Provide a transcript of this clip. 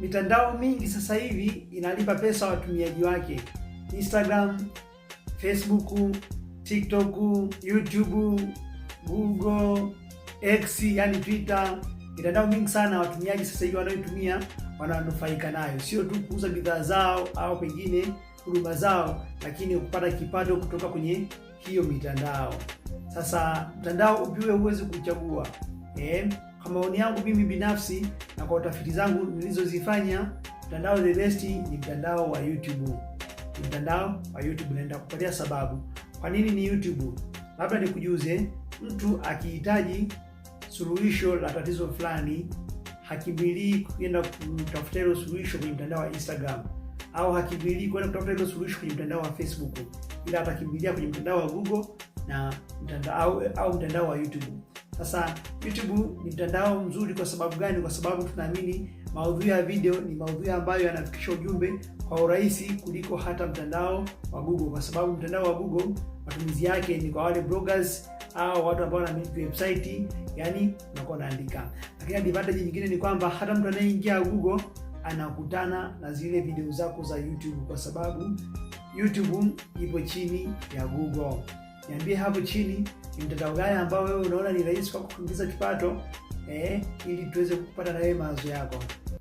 Mitandao mingi sasa hivi inalipa pesa watumiaji wake, Instagram, Facebook, TikTok, YouTube, Google, X yani Twitter. Mitandao mingi sana watumiaji sasa hivi wanaoitumia wananufaika nayo, sio tu kuuza bidhaa zao au pengine huduma zao, lakini kupata kipato kutoka kwenye hiyo mitandao. Sasa mtandao upiwe, huwezi kuchagua eh? maoni yangu mimi binafsi na kwa utafiti zangu nilizozifanya, mtandao the best ni mtandao wa YouTube. Ni mtandao wa YouTube, naenda kupatia sababu kwa nini ni YouTube. Labda nikujuze, mtu akihitaji suluhisho la tatizo fulani hakimbilii kwenda kutafuta hilo suluhisho kwenye mtandao wa Instagram au hakimbilii kwenda kutafuta hilo suluhisho kwenye mtandao wa Facebook, ila atakimbilia kwenye mtandao wa Google na mtandao au, au mtandao wa YouTube. Sasa YouTube ni mtandao mzuri kwa sababu gani? Kwa sababu tunaamini maudhui ya video ni maudhui ambayo yanafikisha ujumbe kwa urahisi kuliko hata mtandao wa Google, kwa sababu mtandao wa Google matumizi yake ni kwa wale bloggers au watu ambao wanamiliki website, yani unakuwa unaandika. Lakini advantage nyingine ni kwamba hata mtu anayeingia Google anakutana na zile video zako za YouTube kwa sababu YouTube ipo chini ya Google niambie hapo chini ni mtandao gani ambao wewe unaona ni rahisi kwa kuingiza kipato eh, ili tuweze kupata na wewe mawazo yako.